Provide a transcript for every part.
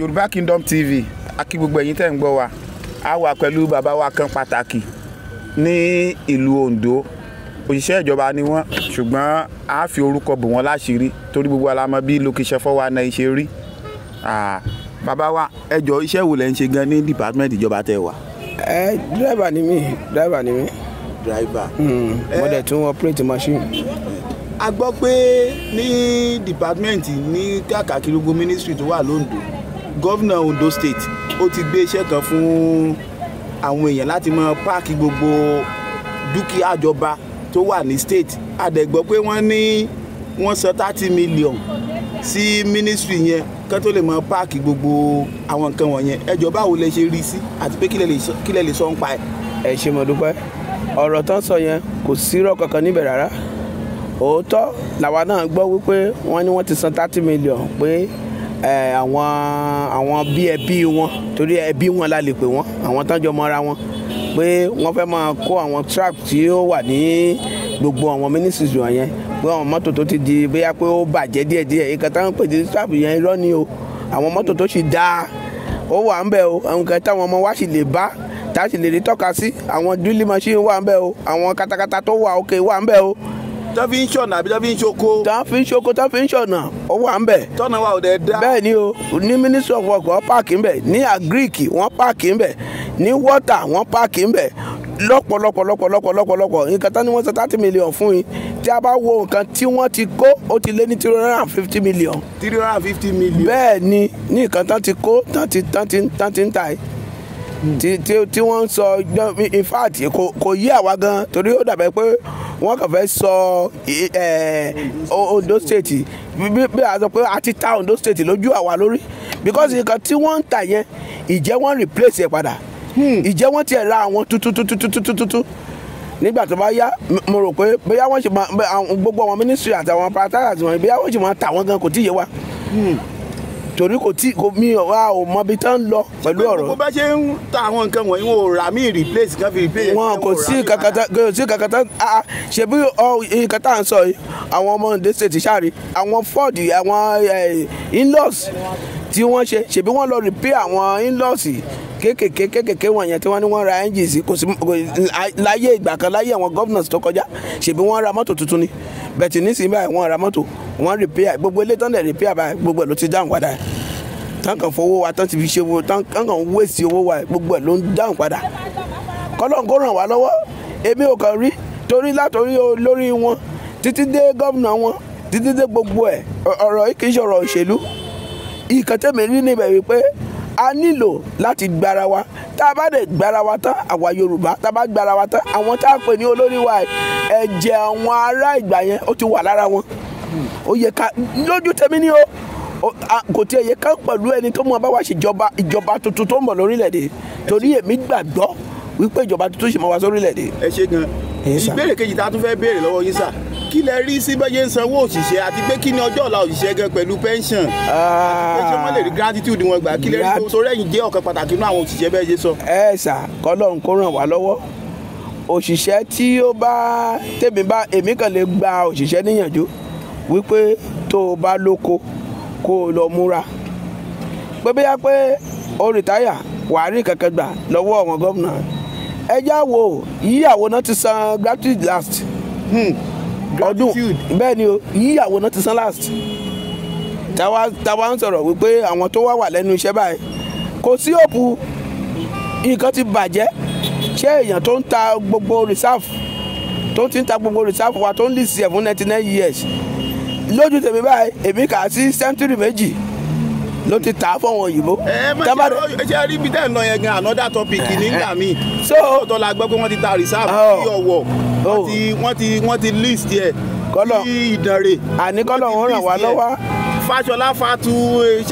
Yorùbá Kingdom TV akí gbogbo ẹ̀yin tẹ́ ń gbọ́ wa a wà pẹ̀lú bàbá wa kan pàtàkì ní ìlú Ondo òṣìṣẹ́ ìjọba ni wọ́n ṣùgbọ́n a fi orúkọ bò wọ́n láṣìírí torí gbogbo alamọ bí lókìṣẹ́ fọ́wọ́ náà ṣe rí bàbá wa ẹ jọ̀ọ́ iṣẹ́ wo lẹ̀ ń ṣe gan ní department ìjọba tẹ́ wà. ẹ dírẹ́bà ni mí dírẹ́bà ni mí. dírẹ́bà. Hmm, mo dẹ̀ tún operate machine. a gbọ́ pé ní department ní káàkiri gbogbo ministry tó wà lóńdó gọ́vnà Ondo state ó ti gbé iṣẹ́ kan fún àwọn èèyàn láti mọ páàkì gbogbo dúkìá àjọba tó wà ní state àdẹ̀gbọ́ pé wọ́n ní wọ́n san thirty million sí ministry yẹn kán tó lè mọ páàkì gbogbo àwọn nǹkan wọ̀nyẹn ẹjọ́ báwo lẹ ṣe rí sí àti pé kílẹ̀ lè sọ ń pa ẹ̀. ẹ ṣé mo dúpẹ́ ọ̀rọ̀ tán sọ yẹn kò sírọ́ kankan níbẹ̀ rárá òótọ́ làwa náà gbọ́ wípé wọ́n ní wọ́n ti san thirty million pé àwọn àwọn bí ẹbí wọn torí ẹbí wọn la lè pè wọn àwọn tán jọ mọ́ra wọn pé wọ́n fẹ́ máa kó àwọn trap tí ó wà ní gbogbo àwọn ministries wọ̀nyẹn pé àwọn mọ́tò tó ti di bóyá pé ó bàjẹ́ díẹ̀díẹ̀ ìkan táwọn pè ní trap yẹn irọ́ ni o àwọn mọ́tò tó sì dáa ó wà ń bẹ̀ o àwọn kan táwọn ọmọ wa sì lè bá tá a sì lè rí tọ́ka sí àwọn dúlí machine wà ń bẹ̀ o àwọn katakata tó wà òkè wà ń bẹ̀ o tó fi ń ṣọ̀nà àbí tó fi ń ṣoko. tó fi ń ṣoko tó fi ń ṣọ̀nà ó wà ń bẹ̀. tọ́nà wa ò dẹ̀ da. bẹ́ẹ̀ ni o ní ministry of work wọ́n páàkì ń bẹ̀ ní agric wọ́n páàkì ń bẹ̀ ní water wọ́n páàkì ń bẹ̀ lọ́pọ̀lọpọ̀ lọ́pọ̀lọpọ̀ lọ́pọ̀lọpọ̀ nǹkan tán ni wọ́n san thirty million fún yín tí a bá wo nǹkan tí wọ́n ti kó ó ti lé ní three hundred and fifty million. three hundred and fifty million. bẹ́ẹ̀ ni ní nǹkan tán ti kó tán ti tán ti tán ti ń ta yìí tí wọ́n ń sọ in fact kò yí àwa gan torí ó dàbẹ̀ pé wọ́n kàn fẹ́ sọ Ondo state bí a sọ pé àti ta Ondo state lójú àwa lórí because nǹkan tí wọ́n ń tà yẹn ìjẹ́ wọ́n replace ẹ̀ padà hmm. ìjẹ́ wọ́n tiẹ̀ ra àwọn tututututututu nígbà tó bá yá mo rò pé bóyá wọ́n ṣe máa gbogbo àwọn ministry àtàwọn paratatàs wọ̀nyí bóyá wọ́n ṣe máa tà wọ́n gan kò tíye wa hmm torí kò tí kò mí wa ò mọ ibi tán lọ pẹ̀lú ọ̀rọ̀. gbogbo bá ṣe ń ta àwọn nǹkan wọ̀nyí wọn rà mí replace kan fi replace. wọn kò sí kakata kò sí kakata a ṣe bí nǹkan tá à ń sọ yìí àwọn ọmọ ǹdẹ́ ṣètì sáré àwọn ford àwọn eh, in tí wọ́n ṣe ṣèbí wọ́n lọ repair àwọn in yìí kéékèèké kéékèèké wọ̀nyẹn tí wọ́n ní wọ́n ra ẹ́ńjì sí kò sí láyé ìgbà kan láyé àwọn gọ́vnọ̀s tó kọjá ṣèbí wọ́n ra mọ́tò tuntun ni bẹ̀tì nísìnyí báyìí wọ́n ra mọ́tò wọ́n rìpíà gbogbo ilé tán dẹ̀ rìpíà báyìí gbogbo ẹ̀ ló ti dáhùn padà tán kàn fowó wa tán ti fi ṣe owó tán kàn wéèsì owó wa gbogbo ẹ̀ ló ń dáhùn padà kọ́lọ́n ràn wá lọ́wọ́ èmi ò kàn rí torí látòrí olórí wọn títí dé gómìnà wọn títí dé gbogbo ẹ̀ ọ̀rọ̀ yìí a nílò láti gbára wa tá a bá dẹ̀ gbára wa tán àwa yorùbá tá a bá gbára wa tán àwọn tá a pè ní olórí wa ẹ̀jẹ̀ àwọn ará ìgbà yẹn ó ti wà lára wọn ó yẹ ká lójú tèmi ni o kò tí ẹ yẹ ká pẹ̀lú ẹni tó mọ̀ bá wá ṣèjọba ìjọba tuntun tó ń bọ̀ lórílẹ̀‐èdè torí èmi gbàgbọ́ wípé ìjọba tuntun ṣì máa wá sórílẹ̀‐èdè. ẹ ṣe gan ìbéèrè kejì tá a tún fẹ́ béèrè lọ́wọ́ yín sáà kí lẹ rí sí bẹ́ẹ̀ ń sanwó òṣìṣẹ́ àti pé kí ni ọjọ́ ọ̀la òṣìṣẹ́ gan pẹ̀lú pension pé ah. ṣé lè rí gratitude wọn gbà kí lẹ rí torí ẹ̀yin jẹ́ ọ̀kan pàtàkì nínú àwọn òṣìṣẹ́ bẹ́ẹ̀ ṣe sọ. ẹ ṣà kọ́lọ́n kó ràn wá lọ́wọ́ òṣìṣẹ́ tí ó bá tèmi bá èmi kàn lè gba òṣìṣẹ́ níyànjú wípé tó o bá lóko kó o lọ múra pé bí yá pé o rìtáyà wàá rí kankan gbà lọ́wọ́ àwọn gómìnà ẹ já wo yíyàwó náà ti san gratitude last. Hmm ọdún bẹ́ẹ̀ ni o yíyàwó náà ti san last táwa táwa ń sọ̀rọ̀ wípé àwọn tó wá wà lẹ́nu iṣẹ́ báyìí kò sí òpù nǹkan ti bàjẹ́ ṣé èèyàn tó ń ta gbogbo reserve tó ti ń ta gbogbo reserve wa tó ń lì sí ẹ̀ fún ninety nine years lójú tèmi báyìí èmi kà á sí sẹ́ńtúrì méjì ló ti tà á fọwọn òyìnbó. ẹ má ṣe ṣe rí ibi tẹ́ ẹ̀ lọ yẹn gan another topic eh, nígbà eh. míì. so ọ̀tọ̀ la gbọ́ pé wọ́n ti ta reserve sí oh. ọ̀wọ̀ oh. wọ́n ti wọ́n ti list yẹ sí ìdànrè. àní kọ́lọ̀ ń ràn wá lọ́wọ́. Fáṣọlá fatu eh,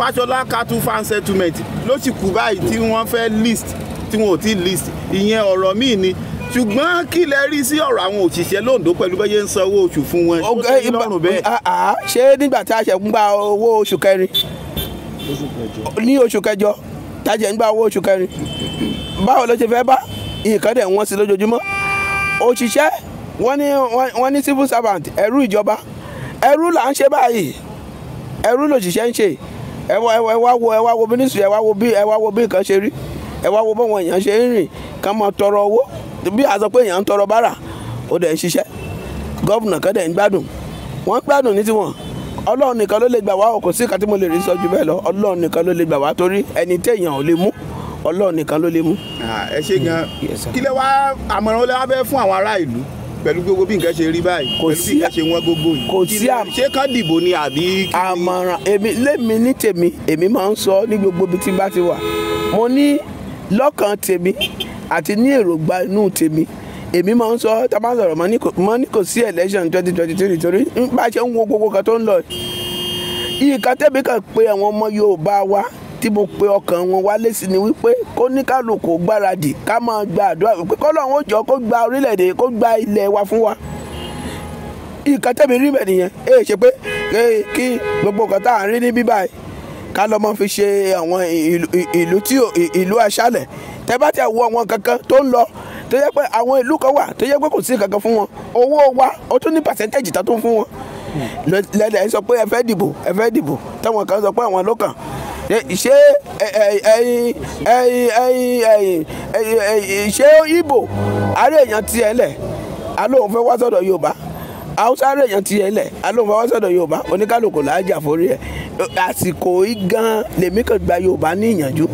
Fáṣọlá katu fan settlement ló sì kú báyìí tí wọ́n fẹ́ list tí wọ́n ò tí list ìyẹn ọ̀rọ̀ míì ni ṣùgbọ́n kí lẹ rí sí ọ̀rọ̀ àwọn òṣìṣẹ́ lóńdó pẹ̀lú bẹ́yẹ ń san owó oṣù fún wọn ṣé lọ́rùn bẹ́ẹ̀. Ah, ah, ṣé nígbà tá a ṣẹ̀ ń gba owó oṣù kẹrin ní oṣù kẹjọ tá a ṣẹ̀ ń gba owó oṣù kẹrin báwo ló ṣe fẹ́ bá nǹkan dẹ̀ wọ́n sí lójoojúmọ́ òṣìṣẹ́ wọ́n ní civil servant ẹrú ìjọba ẹrú là ń ṣe báyìí ẹrú lòṣìṣẹ́ ń ṣe ẹ wo ẹ wo bí a sọ pé èèyàn ń tọrọ bárà ó dẹ̀ ń ṣiṣẹ́ gọ́vùnà kan dẹ̀ ń gbádùn wọ́n ń gbádùn ní tiwọn ọlọ́run nìkan ló lè gbà wá kò sí kàtí mo lè rí sọ ju bẹ́ẹ̀ lọ ọlọ́run nìkan ló lè gbà wá torí ẹni téèyàn ò lè mú ọlọ́run nìkan ló lè mú. ẹ ṣe gan kí lẹ wá àmọ̀ràn olè wá fẹ́ fún àwọn ará ìlú pẹ̀lú gbogbo bí nǹkan ṣe rí báyìí pẹ̀lú bí nǹkan ṣe wọ́n gbogbo yìí kò sí àmọ́ ṣé kán dìbò ni àbí. àmọ̀ràn èmi lémi ní tèmi èmi máa ń sọ ní gbogbo ibi tí bá ti wà mo ní lọ́kàn tèmi àti ní èròǹgbà inú tèmi èmi máa ń sọ tá a bá sọ̀rọ̀ mọ́ ní kò sí election twenty twenty three torí ń bá ṣe ń wo gbogbo kan tó ń lọ ìka tẹ́mi kan pé àwọn ọmọ Yorùbá wa tí mo pe ọkàn wọn wálé sí ni wípé kó ní kálukú gbáradì ká máa gba àdúrà wípé kọ́lọ́run ó jọ kó gba orílẹ̀-èdè kó gba ilẹ̀ wa fún wa ìka tẹ́mi rí bẹ̀ nìyẹn ẹ ṣe pé kí gbogbo nǹkan tá à ń rí ní bíbáyìí ká lọ́mọ fi ṣe àwọn ìlú aṣálẹ̀ tẹ́ bá ti àwọ àwọn kankan tó ń lọ tó yẹ pé àwọn ìlú kan wà tó yẹ pé kò sí kankan fún wọn owó wa ó tún ní pàṣẹ́ntẹ́jì tó tún fún wọn lẹ́dẹ̀ ẹ sọ pé ẹ fẹ́ dìbò ẹ fẹ́ dìbò táwọn kan sọ pé àwọn ló kàn ṣé ẹyin ẹyin ẹyin ẹyin ṣé ibo àárẹ̀ èèyàn tiẹ̀ lẹ̀ alóhùn fẹ́ wá sọ̀dọ̀ Yorùbá haúsá àárẹ̀ èèyàn tiẹ̀ lẹ̀ alóhùn fẹ́ wá sọ̀dọ̀ Yorùbá oníkálùkù là forí ẹ̀ àsìkò yìí lèmi kàn gba Yorùbá ní ìyànjú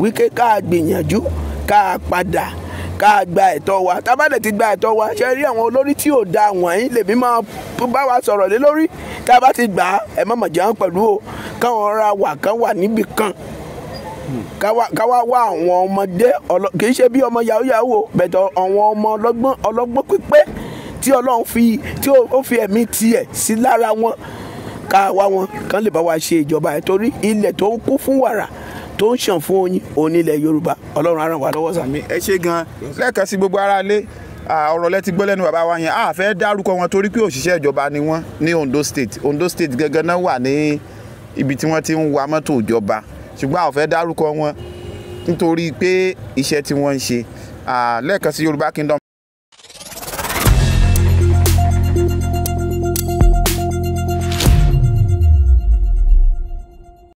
wíkẹ́ ká gbìyànjú ká padà ká gba ẹ̀tọ́ wa tá a ti gba ẹ̀tọ́ wa ṣe rí àwọn olórí tí ò da wọ̀nyí lèmi máa bá wa sọ̀rọ̀ lé lórí tá a bá ti gbà á ẹ̀ mọ̀mọ̀ jẹun pẹ̀lú o káwọn ra wà kán wà níbì kan káwá wá àwọn ọmọdé kì í ṣe bí ọmọ yahoo yahoo bẹ̀tọ̀ àwọn ọmọ ọlọ́gbọ́n ọlọ́gbọ́n pípé tí ọlọ́run fi tí ó fi ẹ̀mí tiẹ̀ sí lára wọn ká wọn kán lè bá wa ṣe ìjọba ẹ̀ torí ilẹ̀ tó kún fún wàrà tó ń ṣàn fún oyin onílẹ̀ yorùbá ọlọ́run á ràn wá lọ́wọ́ sàmì. ẹ ṣe gan-an lẹ́ẹ̀kan sí gbogbo ara lé ọ̀rọ̀ lẹ́ti gbọ́ lẹ́nu bàbá wa yẹn a fẹ́ dárúkọ wọn torí pé òṣìṣẹ́ ìjọba ni wọ́n ní Ondo State Ondo State gẹ́gẹ́ náà wà ní ibi tí wọ́n ti ń wa mọ́tò ìjọba ṣùgbọ́n a ò fẹ́ dárúkọ wọn nítorí pé iṣẹ́ tí wọ́n ń ṣe lẹ́ẹ̀kan sí Yorùbá Kingdom